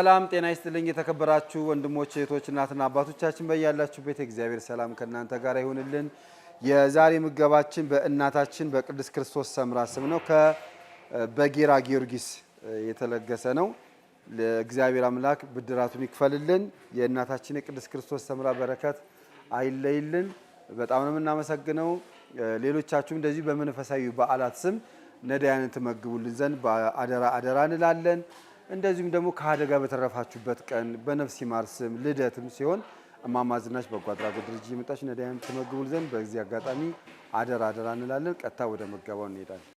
ሰላም ጤና ይስጥልኝ። የተከበራችሁ ወንድሞች እህቶች፣ እናትና አባቶቻችን በያላችሁበት እግዚአብሔር ሰላም ከእናንተ ጋር ይሁንልን። የዛሬ ምገባችን በእናታችን በቅድስት ክርስቶስ ሰምራ ስም ነው። ከበጌራ ጊዮርጊስ የተለገሰ ነው። ለእግዚአብሔር አምላክ ብድራቱን ይክፈልልን። የእናታችን የቅድስት ክርስቶስ ሰምራ በረከት አይለይልን። በጣም ነው የምናመሰግነው። ሌሎቻችሁም እንደዚሁ በመንፈሳዊ በዓላት ስም ነዳያንን ትመግቡልን ዘንድ በአደራ አደራ እንላለን። እንደዚሁም ደግሞ ከአደጋ በተረፋችሁበት ቀን በነፍስ ይማር ስም ልደትም ሲሆን እማማ ዝናሽ በጎ አድራጎት ድርጅት የመጣች ነዳያን ትመግቡል ዘንድ በዚህ አጋጣሚ አደራ አደራ እንላለን። ቀጥታ ወደ መገባው እንሄዳለን።